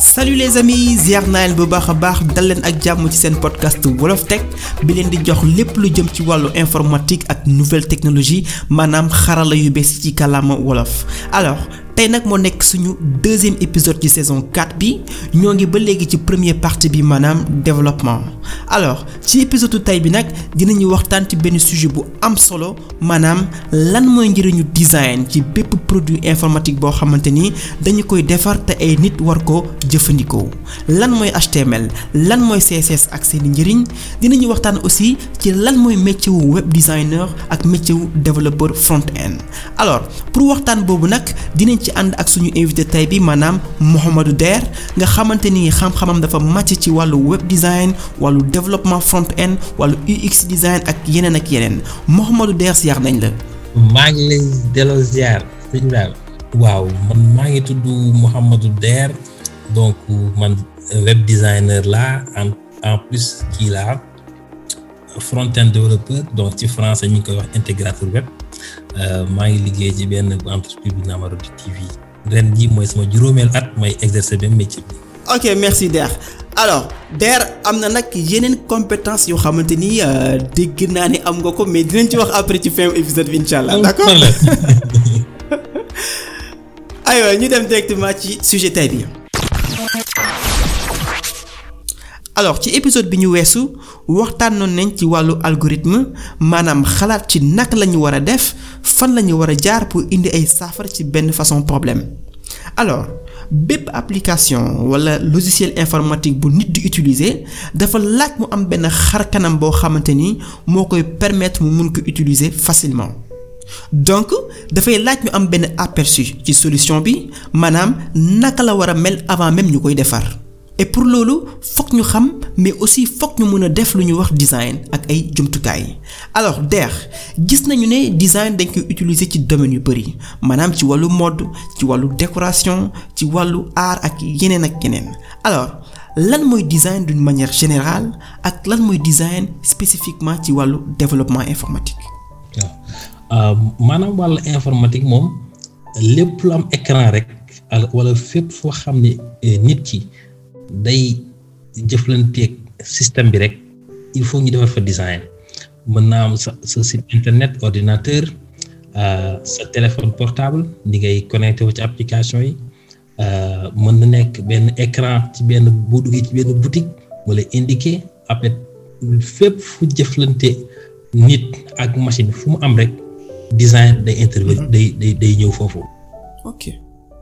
salut les amis ziar naa bu baax a baax dal leen ak jàmm ci seen podcast wolof teg bi leen di jox lépp lu jëm ci wàllu informatique ak nouvelle technologie maanaam xarala yu bees ci kàllaama wolof alors. tey nag moo nekk suñu deuxième épisode ci saison 4 bi ñoo ngi ba léegi ci premier partie bi maanaam développement alors ci épisode tey bi nag dinañu waxtaan ci benn sujet bu am solo maanaam lan mooy njëriñu design ci bépp produit informatique boo xamante ni dañu koy defar te ay nit war ko jëfandikoo lan mooy HTML lan mooy CSS ak seeni njëriñ dinañu waxtaan aussi ci lan mooy métier wu web designer ak métier wu développeur front-end alors pour waxtaan ci ànd ak suñu invité tey bi maanaam Mouhamadou Der nga xamante ni xam-xamam dafa màcc ci wàllu web design wàllu développement front end wàllu UX design ak yeneen ak yeneen Mouhamadou Der si yar nañ la. maa ngi lay delloo ziar sëñ daal. waaw man maa ngi tudd Mouhamadou Der donc man web designer la en en plus kii la front end développeur donc ci français ñu ngi koy wax intégrateur web. Euh, maa ngi liggéey ci benn entreprise bu ñu naan Marodi TV ren jii mooy sama juróomeel at may exercer benn métier bi. ok merci Der alors Der am na nag yeneen compétence yoo xamante ni euh, dégg naa ne am nga ko mais dinañ ci wax après ci fin épisode bi incha allah d'accord aywa ñu dem directement ci sujet tey bi alors ci épisode bi ñu weesu waxtaan waxtaanoon nañ ci wàllu algorithme maanaam xalaat ci naka la ñu war a def fan la ñu war a jaar pour indi ay saafara ci benn façon problème alors bépp application wala logiciel informatique bu nit di utiliser dafa laaj mu am benn xar kanam boo xamante ni moo koy permettre mu mun ko utiliser facilement donc dafay laaj ñu am benn aperçu ci solution bi maanaam naka la war a mel avant même ñu koy defar. et pour loolu fokk ñu xam mais aussi fokk ñu mën a def lu ñu wax design ak ay jumtukaay alors DER gis nañu ne design dañ koy utiliser ci domaine yu bari maanaam ci wàllu mode ci wàllu décoration ci wàllu aar ak yeneen ak yeneen alors lan mooy design d'une manière générale ak lan mooy design spécifiquement ci wàllu développement informatique. Euh, maanaam wàll informatique moom lépp lu am écran rek wala fépp foo xam ne eh, nit ki. day jëflanteeg système bi rek il faut ñu defar fa design mën naa am sa sa site internet ordinateur euh, sa téléphone portable ni ngay connecté wu ci application yi euh, mën na nekk benn écran ci benn boo duggee ci benn boutique mu lay indiqué après fu jëflante nit ak machine fu mu am rek design day intervenir mhm. day day day ñëw foofu.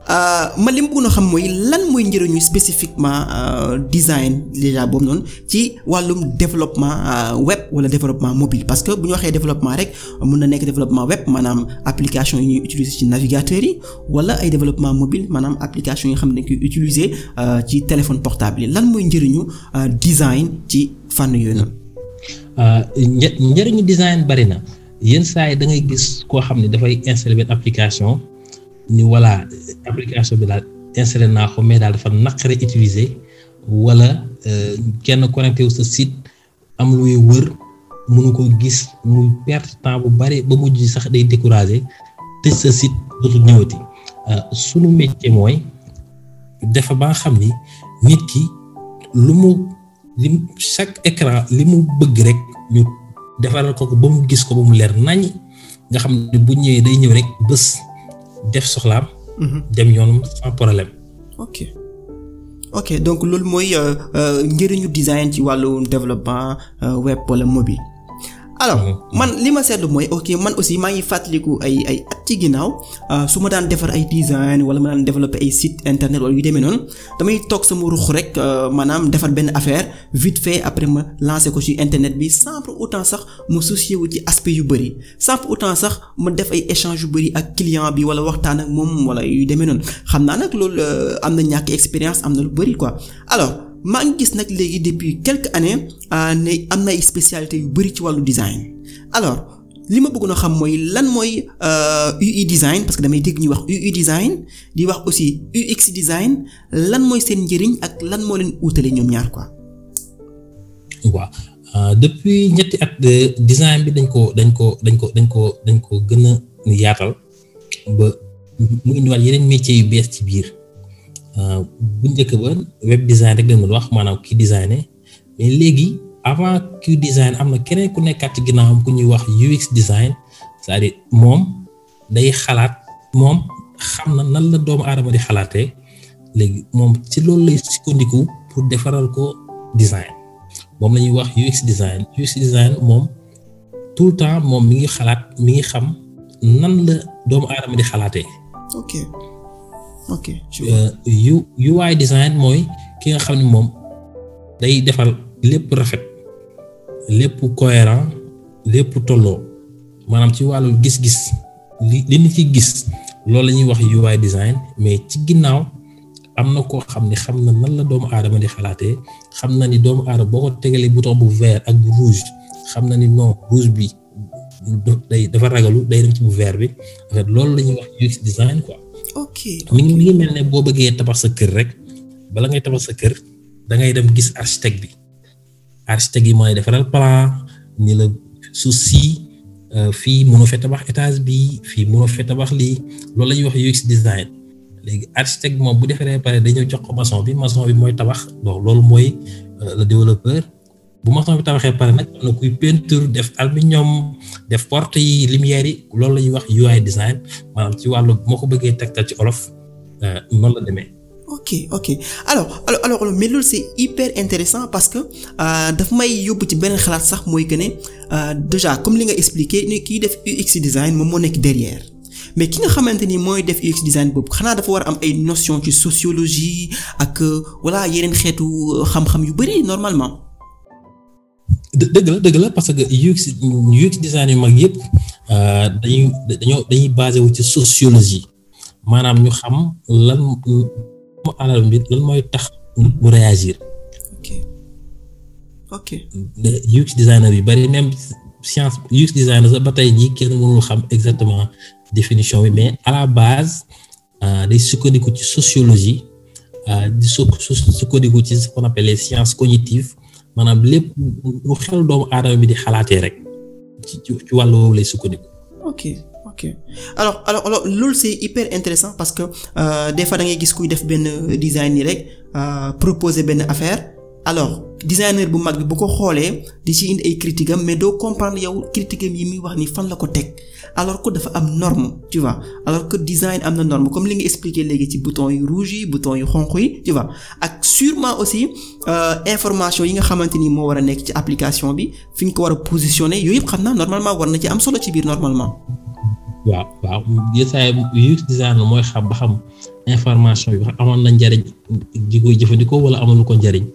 Euh, ma lim bëgg na xam mooy lan mooy njëriñu spécifiquement euh, design déjà boobu noonu ci wàllum développement euh, web wala développement mobile parce que bu ñu waxee développement rek mën na nekk développement web maanaam application yi ñuy utiliser ci navigateurs yi wala ay développement mobile maanaam application yi xam ne dañ koy utiliser ci téléphone portable yi lan mooy njëriñu design ci fànn yooyu noonu. njëriñu design bari na yenn saa yi da ngay gis koo xam ne dafay installer benn application. ni voilà application bi daal installé naa ko mais daal dafa naqare utiliser wala euh, kenn connecté sa site am luy muy wër mënu ko gis mu perte temps bu bari ba mu mujj sax day découragé tëj sa site dootul ñëwati euh, sunu métier mooy dafa ba xam ni nit ki lu mu li chaque écran li mu bëgg rek ñu defaral ko ko ba mu gis ko ba mu leer nañ nga xam ne bu ñëwee day ñëw rek bés. def soxlaam. Mhm. dem yoonum sans problème. ok ok donc loolu mooy euh, euh, njëriñu design ci wàllu développement euh, web wala mobile. alors mhm. man li ma seetlu mooy ok man aussi maa ngi fàttaliku ay ay at ci ginnaaw euh, su ma daan defar ay design wala ma daan développer ay site internet wala yu demee noonu damay toog sama ruux rek euh, maanaam defar benn affaire vite fait après ma lancer ko si internet bi sans pour autant sax mu soucier wu ci aspect yu bëri sans pour autant sax ma def ay échange yu bëri ak client bi wala waxtaan ak moom wala yu demee noonu xam naa nag loolu euh, am na ñàkk expérience am na lu bëri quoi alors. maa ngi gis nag léegi depuis quelques années euh, ne am na ay spécialité yu bari ci wàllu design alors li ma bëggoon xam mooy lan mooy UI euh, design parce que damay dégg ñuy wax UI design di wax aussi UX design lan mooy seen njëriñ ak lan moo leen uutale ñoom ñaar quoi. waaw euh, depuis ñetti at design bi dañ ko dañ ko dañ ko dañ ko dañ ko ko gën a yaatal ba mu indiwaat yeneen métiers yu bees ci biir. Euh, bu njëkk ba web design rek dañu wax maanaam ki designé mais léegi avant kii design am na keneen ku nekkaat ci ginnaawam ku ñuy wax UX design cest à moom day xalaat moom xam na nan la doomu aadama di xalaatee léegi moom ci loolu lay sukkandiku pour defaral ko design moom la ñuy wax UX design UX design moom tout le temps moom mi ngi xalaat mi ngi xam nan la doomu aadama di xalaatee. ok yu euh, UI design mooy ki nga xam ne moom day defal lépp rafet lépp cohérent lépp tolloo maanaam ci wàllu gis-gis li li ñu ci gis loolu la ñuy wax UI design mais ci ginnaaw am na koo xam ne xam na nan la doomu aadama di xalaatee xam na ni doomu aadama boo ko tegalee bouton bu vert ak bu rouge xam na ni non rouge bi day dafa ragalu day dem ci bu vert bi en loolu la ñuy wax UX design quoi. ok mi ngi mi ngi mel ne boo bëggee tabax sa kër rek bala ngay tabax sa kër da ngay dem gis architecte bi architecte yi mooy defaral plan ni la suuf si euh, fii mënoo fee tabax étage bi fii mënoo fee tabax lii loolu la ñuy wax gis design léegi architecte moom bu defaree pare dañoo jox ko maçon bi maçon bi mooy tabax bon loolu mooy euh, le développeur. bu maçon bi tabaxee pare nag am na kuy peinture def aluminium def porte yi lumière yi loolu la ñuy wax UI design maanaam ci wàllu moo ko bëggee tegtal ci olof euh, noonu la demee. ok ok alors mais loolu c'est hyper intéressant parce que euh, dafa may yóbbu ci beneen xalaat sax mooy que ne euh, déjà comme li nga expliqué ni kiy def UX design moom moo nekk derrière. mais ki nga xamante ni mooy def UX design boobu xanaa dafa war a am ay notion ci sociologie ak wala yeneen xeetu xam-xam yu bari normalement. dëgg la dëgg la parce que u UX UX design yu mag yëpp euh, dañuy dañoo dañuy basé wu ci sociologie maanaam ñu xam lan mu alal bi lan mooy tax mu réagir. ok ok. UX designer bi bari même science UX designer sax ba tey jii kenn mënul xam exactement définition bi mais à la base euh, day sukkandiku ci sociologie euh, di su sukkandiku ci ce qu'on appelle les sciences maanaam lépp lu xel doomu aadama bi di xalaatee rek ci ci wàll woowu lay sukkandiku. ok ok alors alors alors loolu c'est hyper intéressant parce que euh, des ngay gis kuy def benn design yi rek euh, proposer benn affaire. alors designer bu mag bi bu ko xoolee di ci indi ay critique am mais doo comprendre yow critique yi muy wax ni fan la ko teg alors ko dafa am norme tu vois alors que am na norme comme li nga expliqué léegi ci bouton yu rouge yi yu xonq yi tu vois ak sûrement aussi euh, information yi nga xamante ni moo war a nekk ci application bi fi ñu ko war a positionné yooyu yëpp xam naa normalement war na ci am solo ci biir normalement. waaw waaau yésaay ux design mooy xam ba xam information bi wax amoon na njariñ ji koy jëfandikoo wala amalu ko njariñ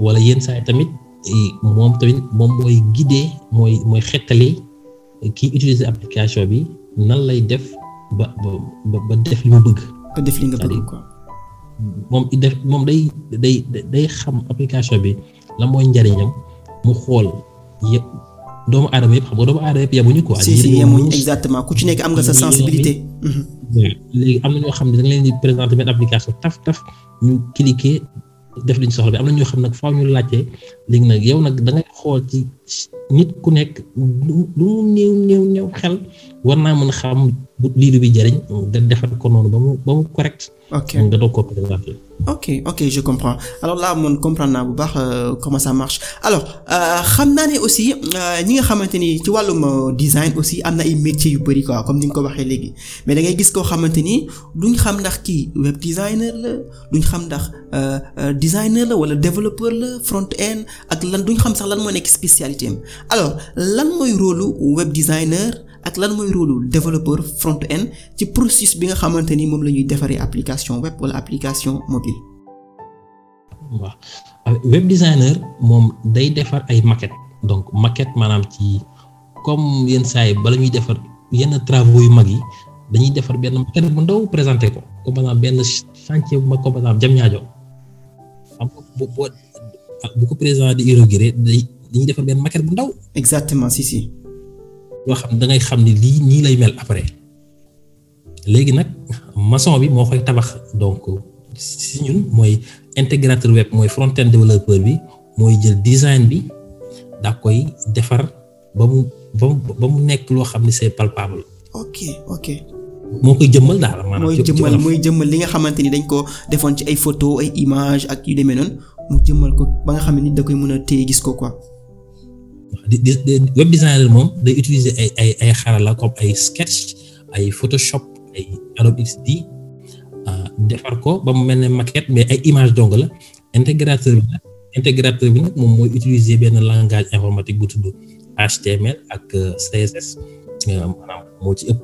wala yenn saa yi tamit eh, moom tamit moom mooy guider mooy mooy xettali eh, kii utiliser application bi nan lay def ba ba def li mu bëgg. def li nga bëgg moom i def moom day day day xam application bi la mooy njariñam mu xool yëpp doomu aadama yëpp xam nga doomu aadama yëpp yemuñu quoi. si si ku ci nekk am nga sa sensibilité. léegi am na ñoo xam ne da nga leen di présenter benn application taf taf ñu cliquer def liñ soxla bi am na ñoo xam nag faaw ñu laajte léegi nag yow nag da xool ci nit ku nekk du mu néew néew néew xel war naa mën a xam bu livre bi jëriñ nga defar ko noonu ba mu ba mu correct. ok nga doog ko présenter. ok ok je comprends alors là moom comprendre naa bu baax euh, comment ça marche alors euh, xam naa ne aussi euh, ñi nga xamante ni ci wàllum design aussi am na ay métiers yu bari quoi comme ni nga ko waxee léegi mais da ngay gis koo xamante ni duñ xam ndax kii web designer la duñ xam ndax designer la wala développeur la front end. ak lan duñ xam sax lan moo nekk spécialité am alors lan mooy rôle web designer ak lan mooy rôle développeur front end ci processus bi nga xamante ni moom la ñuy defaree application web wala application mobile. waaw euh, web designer moom day defar ay maquette donc maquette maanaam ci comme yenn saa yi bala ñuy defar yenn travaux yu mag yi dañuy defar benn maquette bu ndaw présenté ko comme par benn chantier bu mag comme par exemple Diamniadio bu ko président di inaugurer day dañuy defar benn maquette bu ndaw. exactement si si. loo xam da dangay xam ne lii nii lay mel après léegi nag mason bi moo koy tabax donc si ñun mooy intégrateur web mooy front-end développeur bi mooy jël design bi daa koy defar ba mu ba mu mu nekk loo xam ne c'est palpable. ok ok. moo koy jëmmal daal maanaam. mooy jëmmal mooy li nga xamante ni dañ ko defoon ci ay photo ay image ak yu demee noonu. mu jëmmal ko ba nga xam ne nit da koy mën a téye gis ko quoi. web designer moom day utiliser ay ay ay xarala ay sketch ay photoshop ay Adobe euh, defar ko ba mu mel ne maquette mais ay image dong la integrateur bi nag intégrateur bi nag moom mooy utiliser benn langage informatique bu tudd HTML ak euh, CSS maanaam moo ci ëpp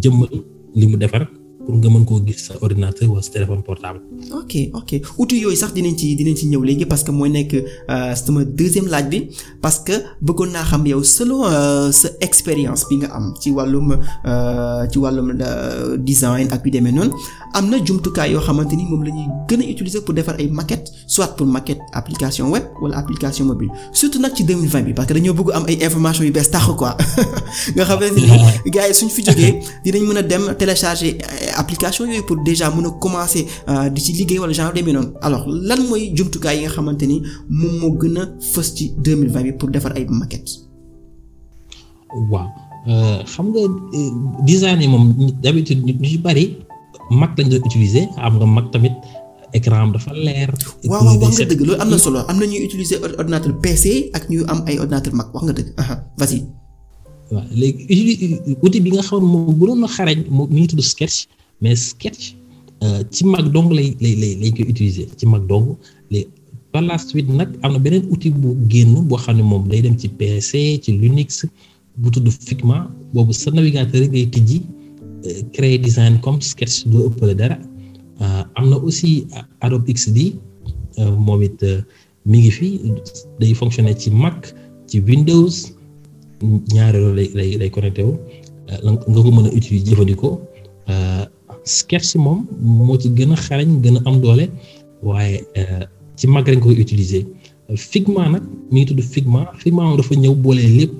jëmmal li mu defar. pour nga mën koo gis sa ordinateur wala sa téléphone portable. ok ok outil yooyu sax dinañ ci dinañ ci ñëw léegi parce que mooy nekk euh, sama deuxième laaj bi parce que bëggoon naa xam yow selon euh, sa bi nga am ci wàllum euh, ci wàllum design ak yu demee noonu am na jumtukaay yoo xamante ni moom la ñuy gën a utiliser pour defar ay maquettes soit pour maquette application web wala application mobile surtout nag ci 2020 bi parce que dañoo bëgg am ay informations yu bees tax fi jógee dinañ mën a dem télécharger. application yooyu pour déjà mën a commencer euh, di ci liggéey wala genre demee noonu alors lan mooy jumtukaay yi nga xamante ni moom moo gën a fës ci 2020 bi pour defar ay maquettes. waaw euh, xam nga euh, design yi moom d'habitude nit bari Mac lañ doon utiliser am nga Mac tamit. écran dafa leer. waaw waaw wax dëgg loolu am na solo am na ñuy utiliser ordinateur PC ak ñuy am ay wax nga dëgg vas bi nga xam moom bu doon xarañ mu ngi tudd sketch mais sketch euh, ci mag dong lay lay lay lañ koy utiliser ci mag dong les par la nag am na beneen outil bu génn boo xam ne moom day dem ci PC ci Linux bu tudd Figma boobu sa navigateur rek ngay tijji euh, créer design comme sketch doo ëppale dara euh, am na aussi Adobe XD moom it mi ngi fi day fonctionner ci Mac ci Windows ñaareelu lay lay lay connecté wu nga ko mën a utiliser jëfandikoo. sketch si moom moo ci gën a xarañ gën a am doole waaye euh, ci mag lañ koy utiliser Figma nag mi ngi tudd Figma Figma moom dafa ñëw boole lépp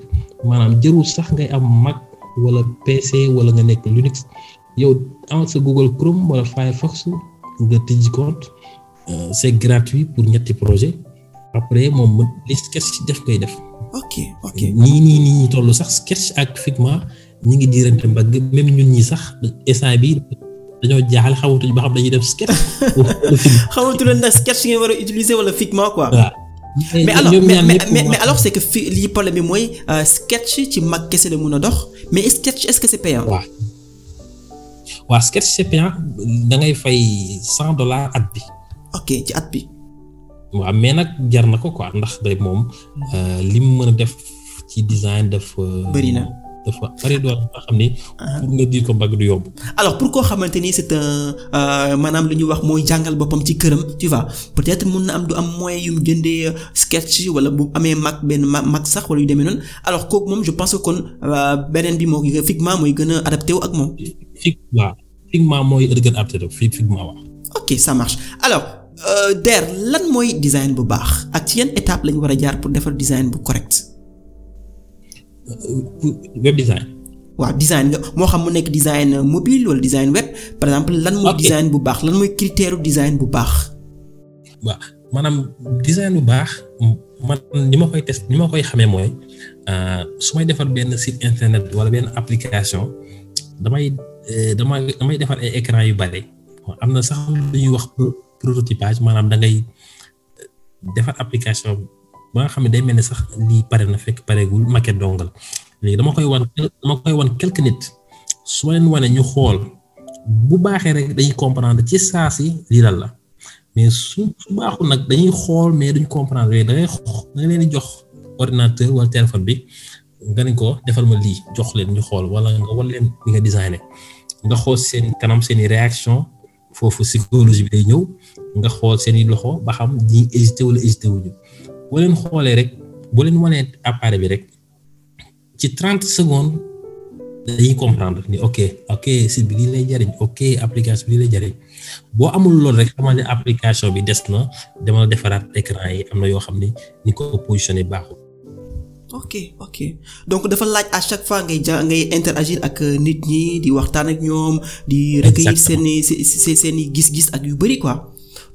maanaam jërul sax ngay am mag wala PC wala nga nekk Linux yow amal sa Google Chrome wala Firefox nga tijji compte euh, c'est gratuit pour ñetti projet après moom li sketch def koy def. ok nii nii ñu sax sketch ak Figma ñi ngi diirante mbagg même ñun ñi sax instant bi dañoo jaaxal xamatuñ ba xam dañuy def sketch. xamatu leen nag sketch ngeen war a utiliser wala figma quoi. mais alors mais mais mais alors c'est que fi lii problème bi mooy euh, sketch ci mag kese la mun a dox mais sketch est-ce que c'est payant. waaw waaw sketch c'est payant da fay cent dollars at bi. ok ci at bi. waaw mais nag jar na ko quoi ndax moom hmm. euh, li mu mën a def ci design def. Euh, bari na. dafa bari doole nga xam ni. Ah. pour nga diir ko mbagg du yomb. alors pour koo xamante ni c'est un euh, maanaam lu ñuy wax mooy jàngal boppam ci këram tu vois peut-être mun na am du am moyen yu mu jëndee euh, sketch wala bu amee mag benn mag sax wala yu demee noonu alors kooku moom je pense que kon euh, beneen bi moo Figma mooy gën a adapté wu ak moom. Figma Figma mooy gën a adapté Figma waaw. ok ça marche alors. Der lan mooy design bu baax ak ci yan étape lañu war a jaar pour defar design bu correct. Euh, web design. waaw design moo xam mu nekk design mobile wala design web par exemple lan mooy design bu baax lan mooy critère design bu baax. waaw maanaam design bu baax man ni ma koy test ni ma koy xamee mooy euh, su may defar benn site internet wala benn application damay euh, damay damay defar ay écran yu bare am na sax lu ñuy wax prototypage maanaam dangay ngay defar application. ba nga xam ne day mel ne sax lii pare na fekk pareegul maquette dongal léegi dama koy wan dama koy wan quelque nit su ma leen wane ñu xool bu baaxee rek dañuy comprendre ci saa si lii lan la mais su su baaxul nag dañuy xool mais duñ comprendre yooyu da ngay da leen di jox ordinateur wala téléphone bi nga ne ko defal ma lii jox leen ñu xool wala nga wan leen li nga designé nga xool seen kanam seen i réaction foofu psychologie bi day ñëw nga xool seen i loxo ba xam ñi hésité wala hésité wuñu boo leen xoolee rek boo leen wanee appareil bi rek ci trente secondes dañuy comprendre ni ok ok site bi lii lay jariñ ok application bi lii lay jariñ boo amul loolu rek xamal ne application bi des na dama defaraat écran yi am na yoo xam ne ni ko positionné baaxul. ok ok donc dafa laaj à chaque fois ngay ja ngay interagir ak euh, nit ñi di waxtaan ak ñoom. di recueillir seen i seen i gis-gis ak yu bari quoi.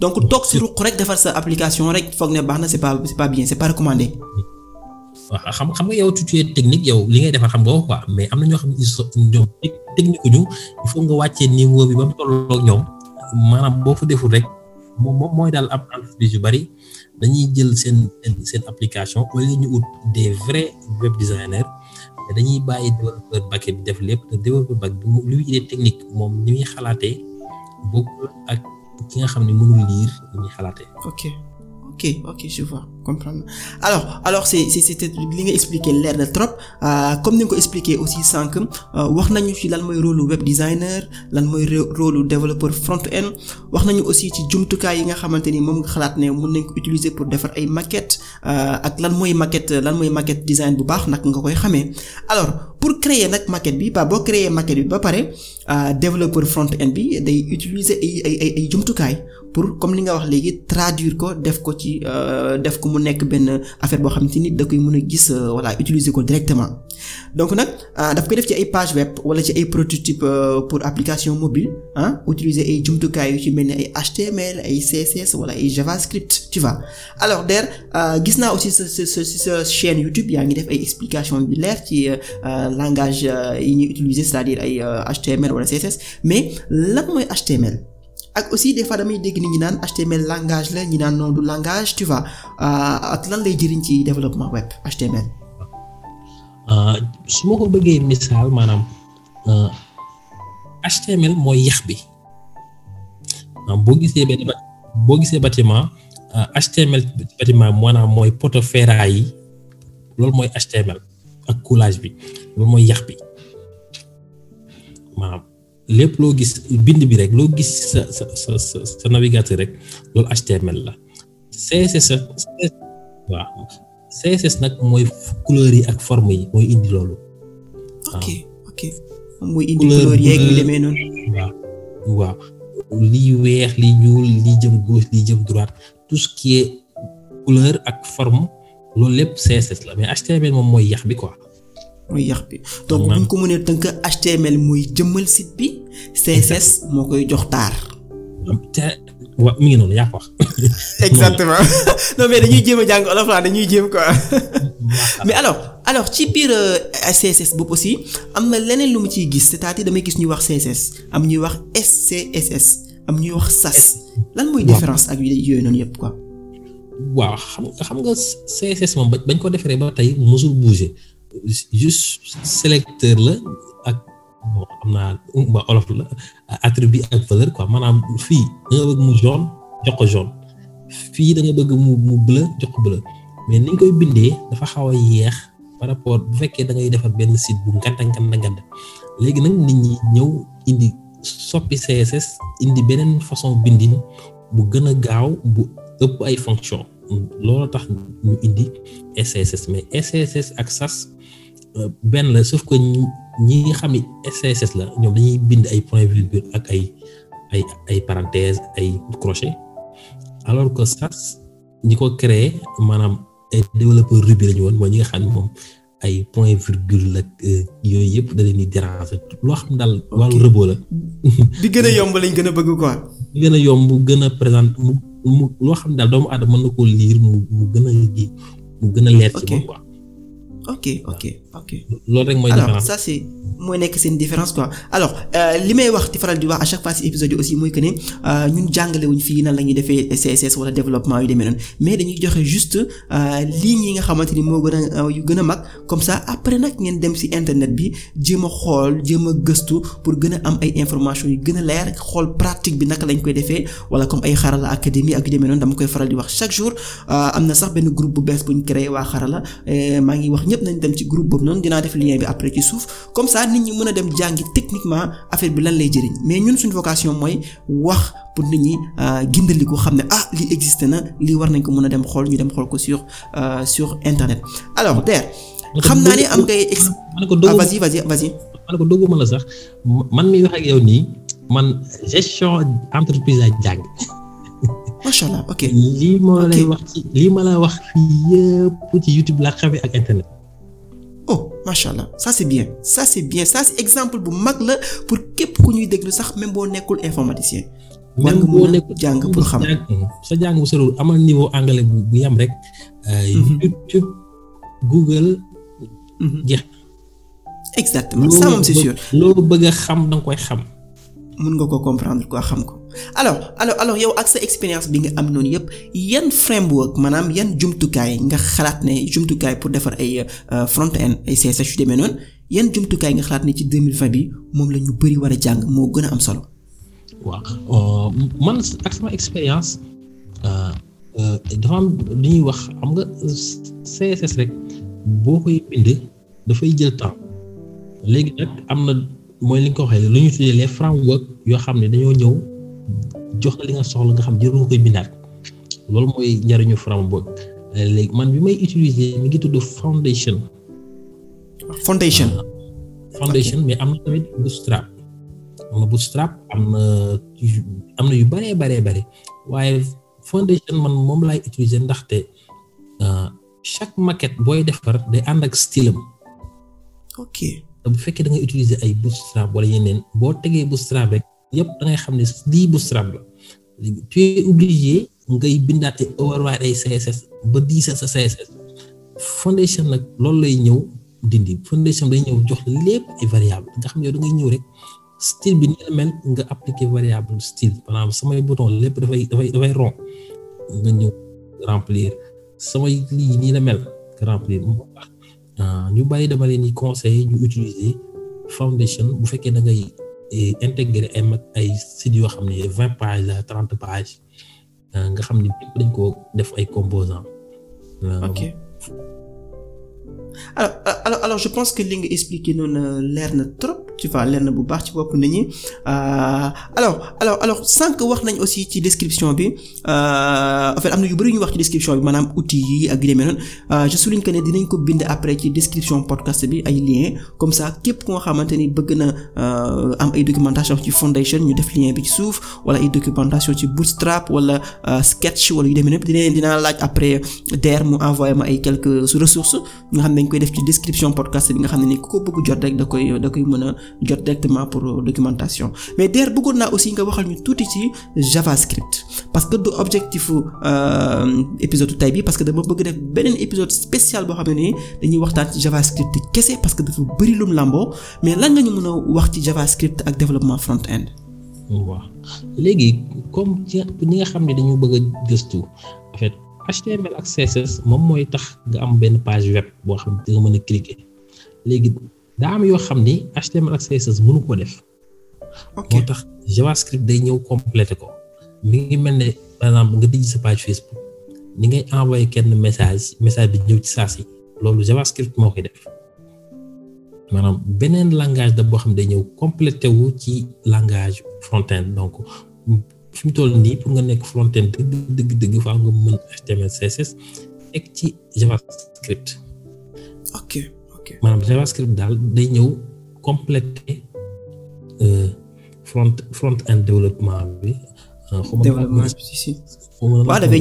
donc toog si ruq rek defar sa application rek foog ne baax na c'est pas c'est pas bien c'est pas recommandé. waaw xam xam nga yow tu es technique yow li ngay defar xam nga ko quoi mais am na ñoo xam ne ñoom technique ñu il faut nga wàccee niveau bi ba mu tolloo ñoom maanaam boo fa deful rek moom mooy daal ab entreprise yu bari dañuy jël seen seen application au lieu ñu ut des vrais web designers te dañuy bàyyi développeur back bi def lépp te développeur back bi lu idée technique moom ni muy xalaatee bokkul ak. ki nga xam ne mënul lire ni ñuy xalaatee. ok ok ok je vois. comprendre alors alors c'est c'est c'était li nga expliqué leer na trop euh, comme ni ko expliqué aussi sànq euh, wax nañu ci lan mooy rôle web designer lan mooy rôle développeur front-end wax nañu aussi ci jumtukaay yi nga xamante ni moom nga xalaat nañ ko utiliser pour defar ay maquettes euh, ak lan mooy maquette lan mooy maquette design bu baax nag nga koy xamee alors pour créer nag maquette bi ba boo créer maquette bi ba pare développeur front-end bi day utiliser ay ay jumtukaay pour comme li nga wax léegi traduire ko def ko ci def ko mu nekk benn affaire boo xam te nit da koy mun a gis euh, voilà utiliser ko directement donc nag euh, daf koy def ci ay page web wala ci ay prototype euh, pour application mobile ah utiliser ay jumtukaay yu ci mel ni ay HTML ay CSS wala ay JavaScript tu vois alors der gis naa aussi sa sa sa chaîne YouTube yaa ngi def ay explication bi leer ci langage yi ñuy utiliser c'est-à-dire ay HTML wala CSS mais lan mooy HTML. ak aussi des fois damay dégg nit ñi naan HTML langage la ñi naan non langage tu euh, ak lan lay jëriñ ci développement web HTML. Euh, su ma ko bëggee misaal maanaam HTML euh, mooy yax bi boo gisee benn boo gisee bâtiment HTML bâtiment maanaam mooy poto ferraille yi loolu mooy HTML ak coulage bi loolu mooy yax bi maanaam. lépp loo gis bind bi rek loo gis sa sa sa sa navigateur rek loolu HTML la CSS waaw CSS nag mooy couleur yi ak forme yi mooy indi loolu. ok ok mooy indi couleur yeeg li demee noonu. waaw liy weex liy ñuul liy jëm gauche liy jëm droite tout ce qui couleur ak forme loolu lépp CSS la mais HTML moom mooy yax bi quoi. muy yàq bi donc bu ñu ko mënee tënk HTML muy jëmmal site bi CSS moo koy jox taar. wa mi ngi noonu yaa ko wax. exactement non mais dañuy jéem a jàng olof la dañuy jéem quoi. mais alors alors ci biir euh, CSS bopp am na leneen lu mu ciy gis cest à damay gis ñuy wax am ñuy wax SCSS am ñuy wax SAS. lan mooy différence ak yooyu noonu yëpp ko waaw xam nga xam nga CSS moom bañ ko defaree ba tey mosul bouger. juste sélecteur la ak bon xam naa olof la attribut ak valeur quoi manaam fii da nga bëgg mu jaune jox ko fii da nga bëgg mu mu bleu jox ko mais ni ñu koy bindee dafa xaw a yeex par rapport bu fekkee da ngay defar benn sit bu nganda nganda nganda léegi nag nit ñi ñëw indi soppi CSS indi beneen façon bindin bu gën a gaaw bu ëpp ay fonction loolu tax ñu indi SSS e mais SSS e ak SAS benn la sauf que ñi nga xam ne la ñoom dañuy bind ay point virgule ak ay ay ay parenthèse ay crochet alors que SAS ñi ko créé maanaam ay développeur Ruby lañu woon mooy ñi nga xam ne moom ay point virgule la euh, yooyu yëpp da leen di déranger loo xam daal wàllu rëboo la. di gën a yomb lañ gën a bëgg quoi. di gën a yomb gën a présent mu mu loo xam daal doomu aadama mën na koo liir mu mu gën a mu gën a leer ci ok ok. ok loolu rek mooy différence alors ça c'est mooy nekk seen différence quoi alors euh, li may wax di faral di wax à chaque fois si épisode yi aussi mooy euh, ñun jàngale wuñ fii nan la ñuy defee CSS wala développement yu demee noonu mais dañuy joxe juste euh, lignes yi nga xamante ni moo gën a yu gën a mag comme ça après nag ngeen dem si internet bi jéem a xool jéem a gëstu pour gën a am ay informations yu gën a leer xool pratique bi naka lañ koy defee wala comme ay xarala académie ak yu demee noonu noonu dinaa def lien bi après ci suuf comme ça nit ñi mën a dem jàngi techniquement affaire bi lan lay jëriñ mais ñun suñu vocation mooy wax pour nit ñi euh, gindaliku xam ne ah lii existe na lii war nañ ko mën a dem xool ñu dem xool ko sur euh, sur internet alors der xam naa ne am ngay ex ah, vas-y vas-y vas-y ma ne ko dogguma sax man mi wax ak yow nii man gestion entreprise a jàng macha ok lii lay wax ci lii ma la wax fii yëpp ci YouTube laa xamee ak internet oh macha allah ça c'est bien ça c'est bien ça exemple bu mag la pour képp ku ñuy déglu sax même boo nekkul informaticien. même boo nekkul jàng pour xam sa jàng bu soriwul amal niveau anglais bu bu yam rek. Euh, mhm. YouTube Google. Mhm. jeex. exactement ça moom c'est sûr. loolu bëgg a xam da koy xam. mën nga ko comprendre quoi xam ko. alors alors alors yow ak sa expérience bi nga am noonu yëpp yan framework manaam yan jumtukaay nga xalaat ne jumtukaay pour defar ay euh, front end ay CSS yu demee noonu yan jumtukaay nga xalaat ne ci 2020 bi moom la ñu bëri war a jàng moo gën a am solo. waaw euh, man ak sama expérience euh, dafa am lu ñuy wax xam nga CSS rek boo koy bind dafay jël temps léegi nag am na mooy li nga ko waxee lu ñu tuddee les framework yoo xam ne dañoo ñëw. jox la li nga soxla nga xam jërë nga koy loolu mooy njariñu Framboise léegi man bi may utiliser mi ngi tudd Foundation. Foundation. Ah. Foundation mais am na tamit Bootstrap am na Bootstrap am na am na yu baree baree bare waaye Foundation man moom laay utiliser ndaxte ah, chaque maquette booy defar day ànd ak stylam. ok te bu fekkee da nga utiliser ay Bootstrap wala yeneen boo tegee Bootstrap rek. yëpp da ngay xam ne lii bootstrap la tu es obligé ngay bindaate override ay CSS ba diisal sa CSS foundation nag loolu lay ñëw dindi foundation day ñëw jox lépp ay variable nga xam ne da ñëw rek style bi ni mel nga appliquer variable style par samay bouton lépp dafay dafay dafay rond nga ñëw remplir samay lii nii la mel nga remplir mu baax ah, ñu bàyyi dama leen di conseil ñu utiliser foundation bu fekkee da ngay. et ay mag ay sites yoo xam ne vingt pages à trente pages euh, nga xam ne bépp dañ ko def ay composants. Euh, ok euh, alors alors je pense que li nga expliqué noonu leer na trop. tu vois lenn bu baax ci bopp nit ñi euh, alors alors alors sànq wax nañ aussi ci description bi euh, en fait am na yu bëri ñu wax ci description bi maanaam outils yi ak yu demee noonu euh, je souligne ne dinañ ko bind après ci description podcast bi ay lien comme ça képp koo xamante ni bëgg na am ay documentation ci Foundation ñu def lien bi ci suuf wala ay documentation ci Bootstrap wala Sketch wala yu demee noonu dinañ dinaa laaj après der mu envoyé ma ay quelques ressources nga xam ne ne ni jot directement pour euh, documentation mais der bëggoon naa aussi nga waxal ñu tuuti ci javascript parce que du objectifu euh, épisode tay bi parce que dama bëgg def beneen épisode spécial boo xam ne ni dañuy waxtaan ci javascript kese parce que dafa bëri lum làmboo mais lan nga ñu mën a wax ci javascript ak développement front-end. Oh, waaw léegi comme ci ñi nga xam ne dañu bëgg a gëstu en fait HTML ak moom mooy tax nga am benn page web boo xam ne da nga mën a cliquer léegi daa am yoo xam ni HTML ak CSS nu ko def. ok moo tax JavaScript day ñëw complété ko mi ngi mel ne maanaam exemple nga tijji sa page Facebook ni ngay envoyé kenn message message bi ñëw ci saa si loolu JavaScript moo koy def maanaam beneen langage da boo xam day ñëw complété wu ci langage front-end donc fi mu toll nii pour nga nekk front-end dëgg dëgg faa nga mën HTML CSS ak ci JavaScript. maanaam JavaScript daal day ñëw compléter euh, front front end développement bi. Euh, développement si si.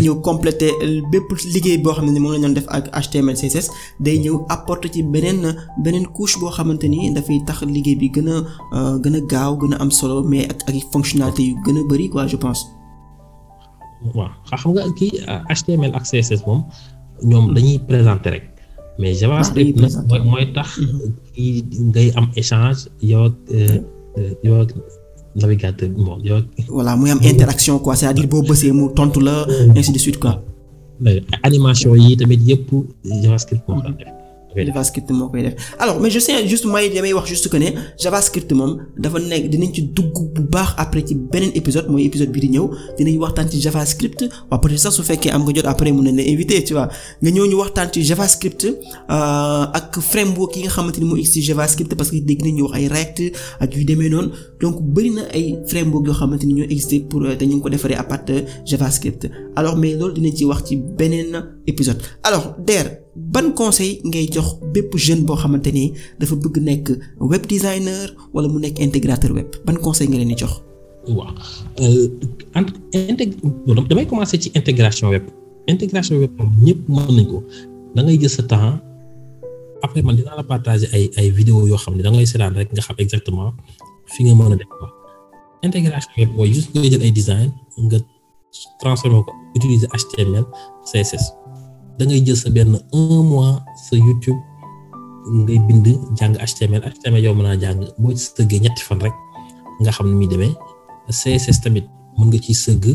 ñëw compléter bépp liggéey boo xam ne moom la ñu def ak HTML CSS day ñëw apporter ci beneen beneen couche boo xamante ni dafay tax liggéey bi gën a euh, gën a gaaw gën a am solo mais ak ak fonctionnalité yu gën a bari quoi je pense. waaw xam nga kii HTML ak CSS moom ñoom dañuy présenter rek. mais j'avance lépp nag mooy mooy tax mhm. kii ngay am échange yow ak euh, euh, yow ak navigateur bi moom yow muy am interaction quoi c'est-à-dire boo bësee mu tontu la euh, ainsi de suite animation yi tamit yëpp javascript moo ko def javascript moo koy def alors mais je sais juste may damay wax juste que ne javascript moom dafa nekk dinañ ci dugg bu baax après ci beneen épisode mooy épisode bi di ñëw dinañ waxtaan ci javascript nga euh, ak framework yi nga xamante ni moo existe javascript parce que dégg nañ ñu wax ay React ak yu demee noonu donc bëri na ay framework yoo xamante ni ñoo existé pour te ko defaree à part javascript alors mais loolu dinañ ci wax ci beneen épisode alors Der ban conseil ngay jox bépp jeune boo xamante ni dafa bëgg nekk web designer wala mu nekk intégrateur web ban conseil nga leen di jox. waaw en euh, intég damay commencer ci intégration web intégration web moom ñëpp mën nañ ko da ngay jël sa temps après man dinaa la partager ay ay vidéo yoo xam ne dangay ngay seetaan rek nga xam exactement fi nga mën a def quoi intégration web mooy juste nga jël ay design nga transformer ko utiliser HTML CSS. da jël sa benn un mois sa YouTube ngay bind jàng HTML HTML yow mën naa jàng boo ci sëggee ñetti fan rek nga xam ni muy demee CSS tamit mën nga ci sëgg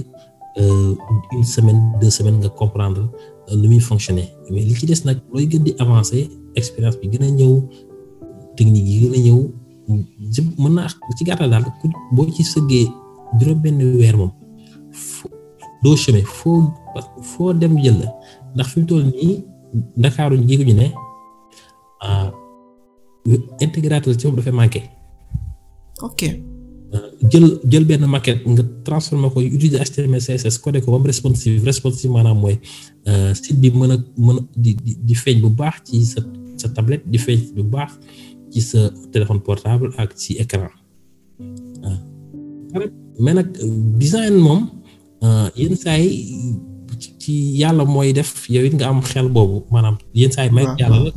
euh, une semaine deux semaines nga comprendre lu euh, muy fonctionner mais li ci des nag looy gën di avancer expérience bi gën a ñëw technique yi gën a ñëw mën naa ci gàttal daal boo ci sëggee juróom benn weer moom doo chemin foo foo dem jël la ndax fi mu toll nii Ndakaaru njiitu ñu ne ah, intégrateur ci moom dafay manqué. ok. Euh, jël jël benn maquette nga transformé ko utiliser HTML CSS codé ko ba responsive responsive maanaam mooy euh, site bi mën a mën a di di feeñ bu baax ci sa sa tablette di feeñ bu baax ci sa téléphone portable ak ci écran ah. mais nag euh, design moom yenn saa ci yàlla mooy def yow it nga am xel boobu maanaam yenn saa yi may yàlla la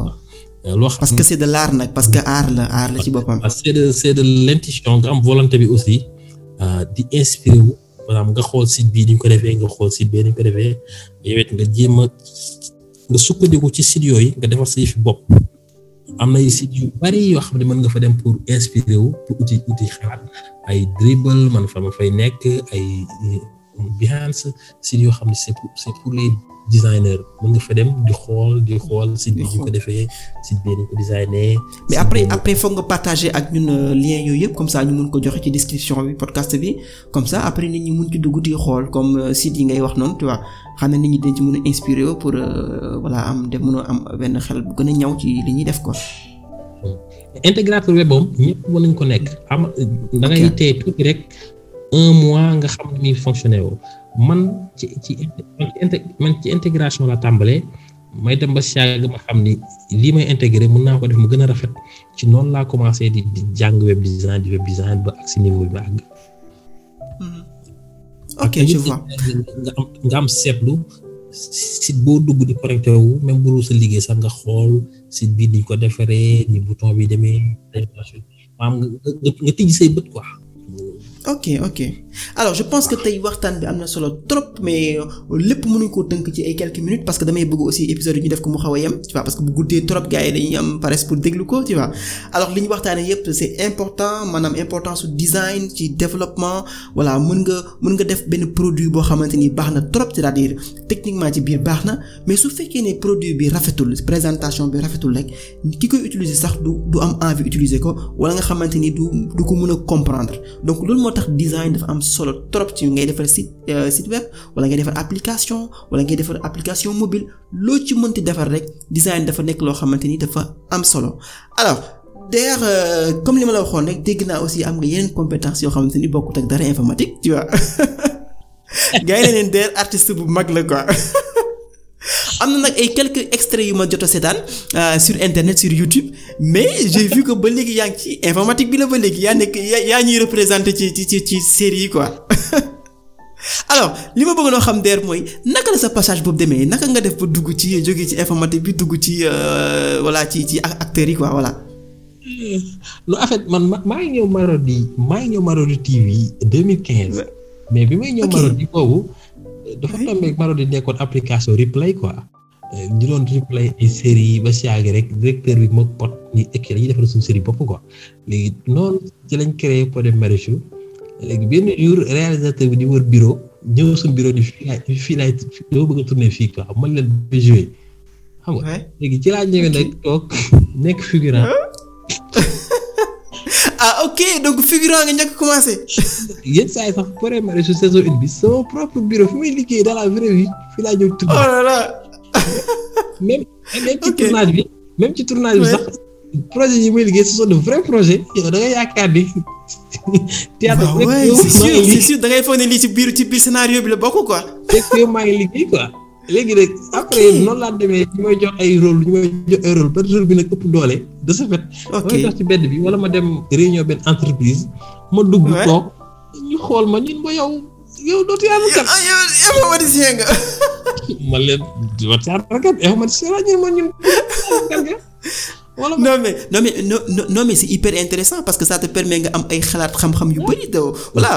euh, parce que c'est de l'art nag parce que art la art la ci boppam. c'est de c'est de nga am volonté bi aussi euh, di inspiré wu maanaam nga xool site bii di ñu ko nga xool site bii ni ñu defee yow it nga jéem a nga sukkandiku ci site yooyu nga defar sa yëfi bopp am na ay site yu bari yoo xam ne mën nga fa dem pour inspiré wu uti uti xalaat ay dribble man fa fay nekk ay. Behance site yoo xam ne c'est pour c'est pour les dem di xool di xool site bi ñu ko defee site bi ñu ko designer mais après après foog nga partager ak euh, lien yooyu yëpp comme ça ñu ko joxe ci description bi podcast bi comme ça après nit ñi mun ci dugg di xool comme euh, site yi ngay wax noonu tu vois xam ne nit ñi dañ ci mën a inspiré wu pour euh, voilà am de mën a am benn xel bu gën a ñaw ci li ñuy def ko intégrateur web moom ñëpp mën nañ ko nekk am da ngay un mois nga xam ni fonctionné woo man ci ci man ci intégration la tàmbalee may dem ba si yàgg ma xam ni lii may intégré mën naa ko def mu gën a rafet ci noonu laa commencé di di jàng web design di web design ba ak si niveau bi àgg. Mm-hmm. ok nga am seetlu sit boo dugg di connecté wu même bu sa liggéey sax nga xool site bii ni ko defaree ni bouton bi demee maanaam nga nga tijji say bët quoi. Ok, ok. alors je pense que tey waxtaan bi am na solo trop mais euh, lépp mënuñ koo tënk ci ay quelques minutes parce que damay bëgg aussi épisode yi ñu def ko mu xaw a yem tu vois parce que bu guddee trop gars yi dañuy am paresse pour déglu ko tu vois alors li ñu waxtaanee yépp c'est important maanaam importance su design ci développement voilà mën nga mën nga def benn produit boo xamante ni baax na trop c'est-à-dire techniquement ci biir baax na mais su fekkee ne produit bi rafetul présentation bi rafetul rek ki koy utiliser sax du du am envie utiliser ko wala nga xamante ni du du ko mën a comprendre solo trop ci ngay defar site euh, site web wala ngay defar application wala ngay defar application mobile loo ci mënti defar rek design dafa nekk loo xamante ni dafa am solo alors d'ailleurs euh, comme li ma la waxoon rek dégg naa aussi am nga yeneen compétence yoo xamante ni bokkut ak dara informatique tu vois ne leen d'ailleurs artiste bu mag la ko am na nag ay quelques extraits yu ma jot a seetaan euh, sur internet sur YouTube mais j'ai vu ba léegi yaa ngi ci informatique bi la ba léegi yaa nekk yaa ñuy représenté ci ci ci ci série yi quoi alors li ma bëgg noo xam deer mooy naka la sa passage boobu demee naka nga def ba dugg ci jóge ci informatique bi dugg ci euh, voilà ci ci acteurs yi quoi voilà. lu euh, en fait man maa ngi ñëw Marodi maa ngi ñëw Marodi TV 2015. mais bi may ñëw Marodi boobu. dafa tombé Marodi nekkoon application replay quoi ñu doon replay ay série ba si yàgg rek directeur bi moog pot ñi écrit yi defal suñu série bopp quoi léegi noonu ci lañ créé Pod et Marichou léegi benn jour réalisateur bi di wër bureau ñëw suñu bureau di fii laay doo bëgg a tourner fii quoi mën leen ba jouer xam nga léegi ci laa ñëwee nag toog nekk figurant ah ok donc figurant nga njëkk commencé. yenn saa yi sax première su saison une bi sama propre bureau fi may liggéey dans la vraie vie fi laa jóg tudd. oh là même ci tournage bi même ci tournage bi sax projet yi may liggéey ce sont de vrais projets yow da nga yaakaar ni. théâtre rek yow c'est sûr c'est sûr da ngay ne lii ci biir ci biir scénario bi la bokk quoi. fekk maa ngi liggéey quoi. léegi nag après noonu laa demee ñu may jox ay rôle ñu may jox rôle bi nag ëpp doole de ce fait. ok jox ci bedd bi wala ma dem réunion benn entreprise. ma dugg toog ñu xool ma ñun ba yow yow dootu yaa kat. Ah, yow informaticien nga. ma leen dootu yaa kat informaticien laa ñun ma ñun. wala non mais non mais non mais parce que ça te permet nga am ay xalaat xam-xam yu bëri te voilà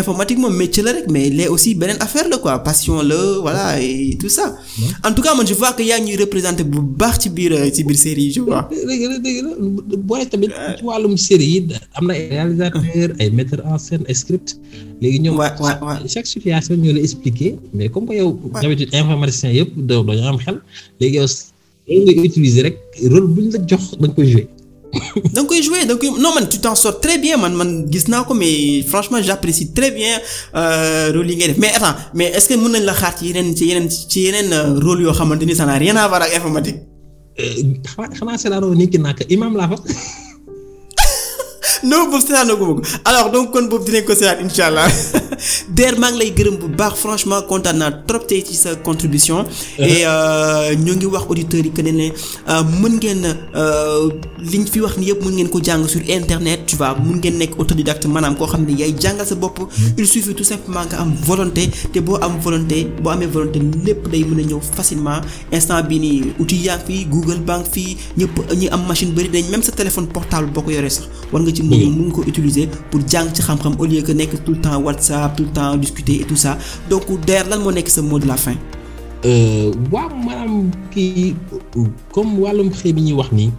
informatique moom métier la rek mais les aussi beneen affaire la quoi passion la voilà et tout ça. en tout cas man je vois que yaa ñuy représenté bu baax ci biir ci biir série yi je vois. dëgg la dëgg la yi am na ay réalisateurs ay metteurs en scène ay léegi ñoom chaque situation ñoo la expliqué mais comme que yow. d'habitude informaticien yëpp doo doo am xel léegi yow. loolu rek rôle bu ñu la jox da koy jouer. da nga koy jouer da nga koy non man tu t'en sors très bien man man gis naa ko mais franchement j'apprécie très bien euh, rôle yi nga def mais attends mais est-ce que mën nañ la xaar ci yeneen ci yeneen ci yeneen euh, rôle yoo xamante ni ça n'a rien à voir ak informatique. Euh, xanaa xanaa c'est la rôle ni ki naka imam laa fa. non boobu seetaan na ko donc kon boobu dinañ ko seetaan allah Der maa lay gërëm bu baax franchement kontaan naa ci sa contribution. Uh-huh. et euh, ñoo ngi wax auditeurs yi que ne ne euh, mën ngeen euh, liñ fi wax ni yëpp ngeen ko jàng sur internet tu vois mën ngeen nekk autodidacte maanaam koo xam ne yaay jàngal sa bopp. Uh-huh. il suffit am volonté te boo am volonté boo amee volonté lépp day mën a ñëw facilement instant bi nii outil yaa ngi fi Google Bank fii ñëpp ñi am machine bëri nañ même sa téléphone portable boo ko yoree sax war nga ci mu ngi ko utiliser pour jàng ci xam-xam au lieu que nekk tout le temps WhatsApp tout le temps discuter et tout ça donc der lan moo nekk sa mot de la fin. Euh, waaw maanaam kii comme wàllum xëy bi ñuy wax nii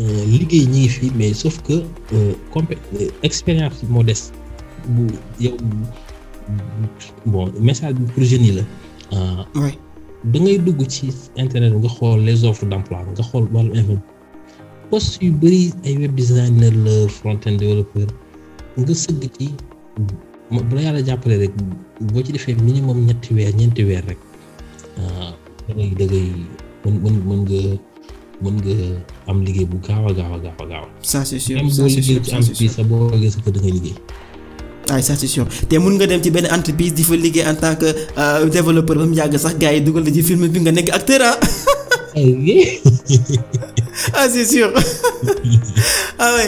euh, liggéey ñi ngi fi mais sauf que euh, compé expérience moo des bu bon message bi pour jeunes la. Ah, da dugg ci internet nga xool les offres d'emploi nga xool wàllu information. poste yu bëri ay web designer la front end développeur nga sëgg ci bu la yàlla jàppale rek boo ci defee minimum ñetti weer ñeenti weer rek ah, da ngay da ngay mën mën mën nga am liggéey bu gaaw a gaaw a gaaw a gaaw. ça c'est sûr ça c'est boo ci da liggéey. waaw ça c'est sûr te mun nga dem ci benn entreprise di fa liggéey en tant que euh, développeur ba mu yàgg sax gars yi dugal na ci film bi nga nekk acteur ah. ah, c'est sûr. ah oui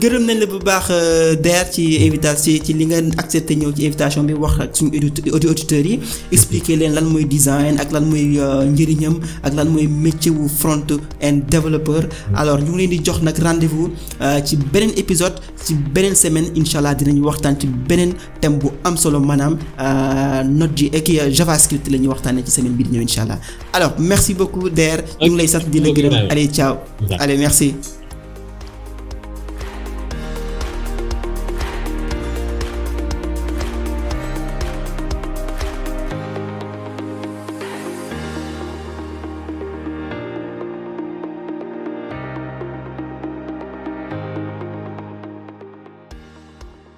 gërëm nañ la bu baax euh, Der ci invitation ci li nga accepté ñëw ci invitation bi wax ak suñu auditeurs yi expliquer leen lan mooy design ak lan mooy euh, njëriñam ak lan mooy métier wu front end développeur alors ñu ngi leen di jox nag rendez-vous euh, ci beneen épisode ci beneen semaine incha allah dinañ waxtaan ci beneen thème bu am solo maanaam Node ji ak JavaScript la ñuy waxtaanee ci semaine bi di ñëw incha allah alors merci beaucoup Der ñu ngi lay sant di la gërëm merci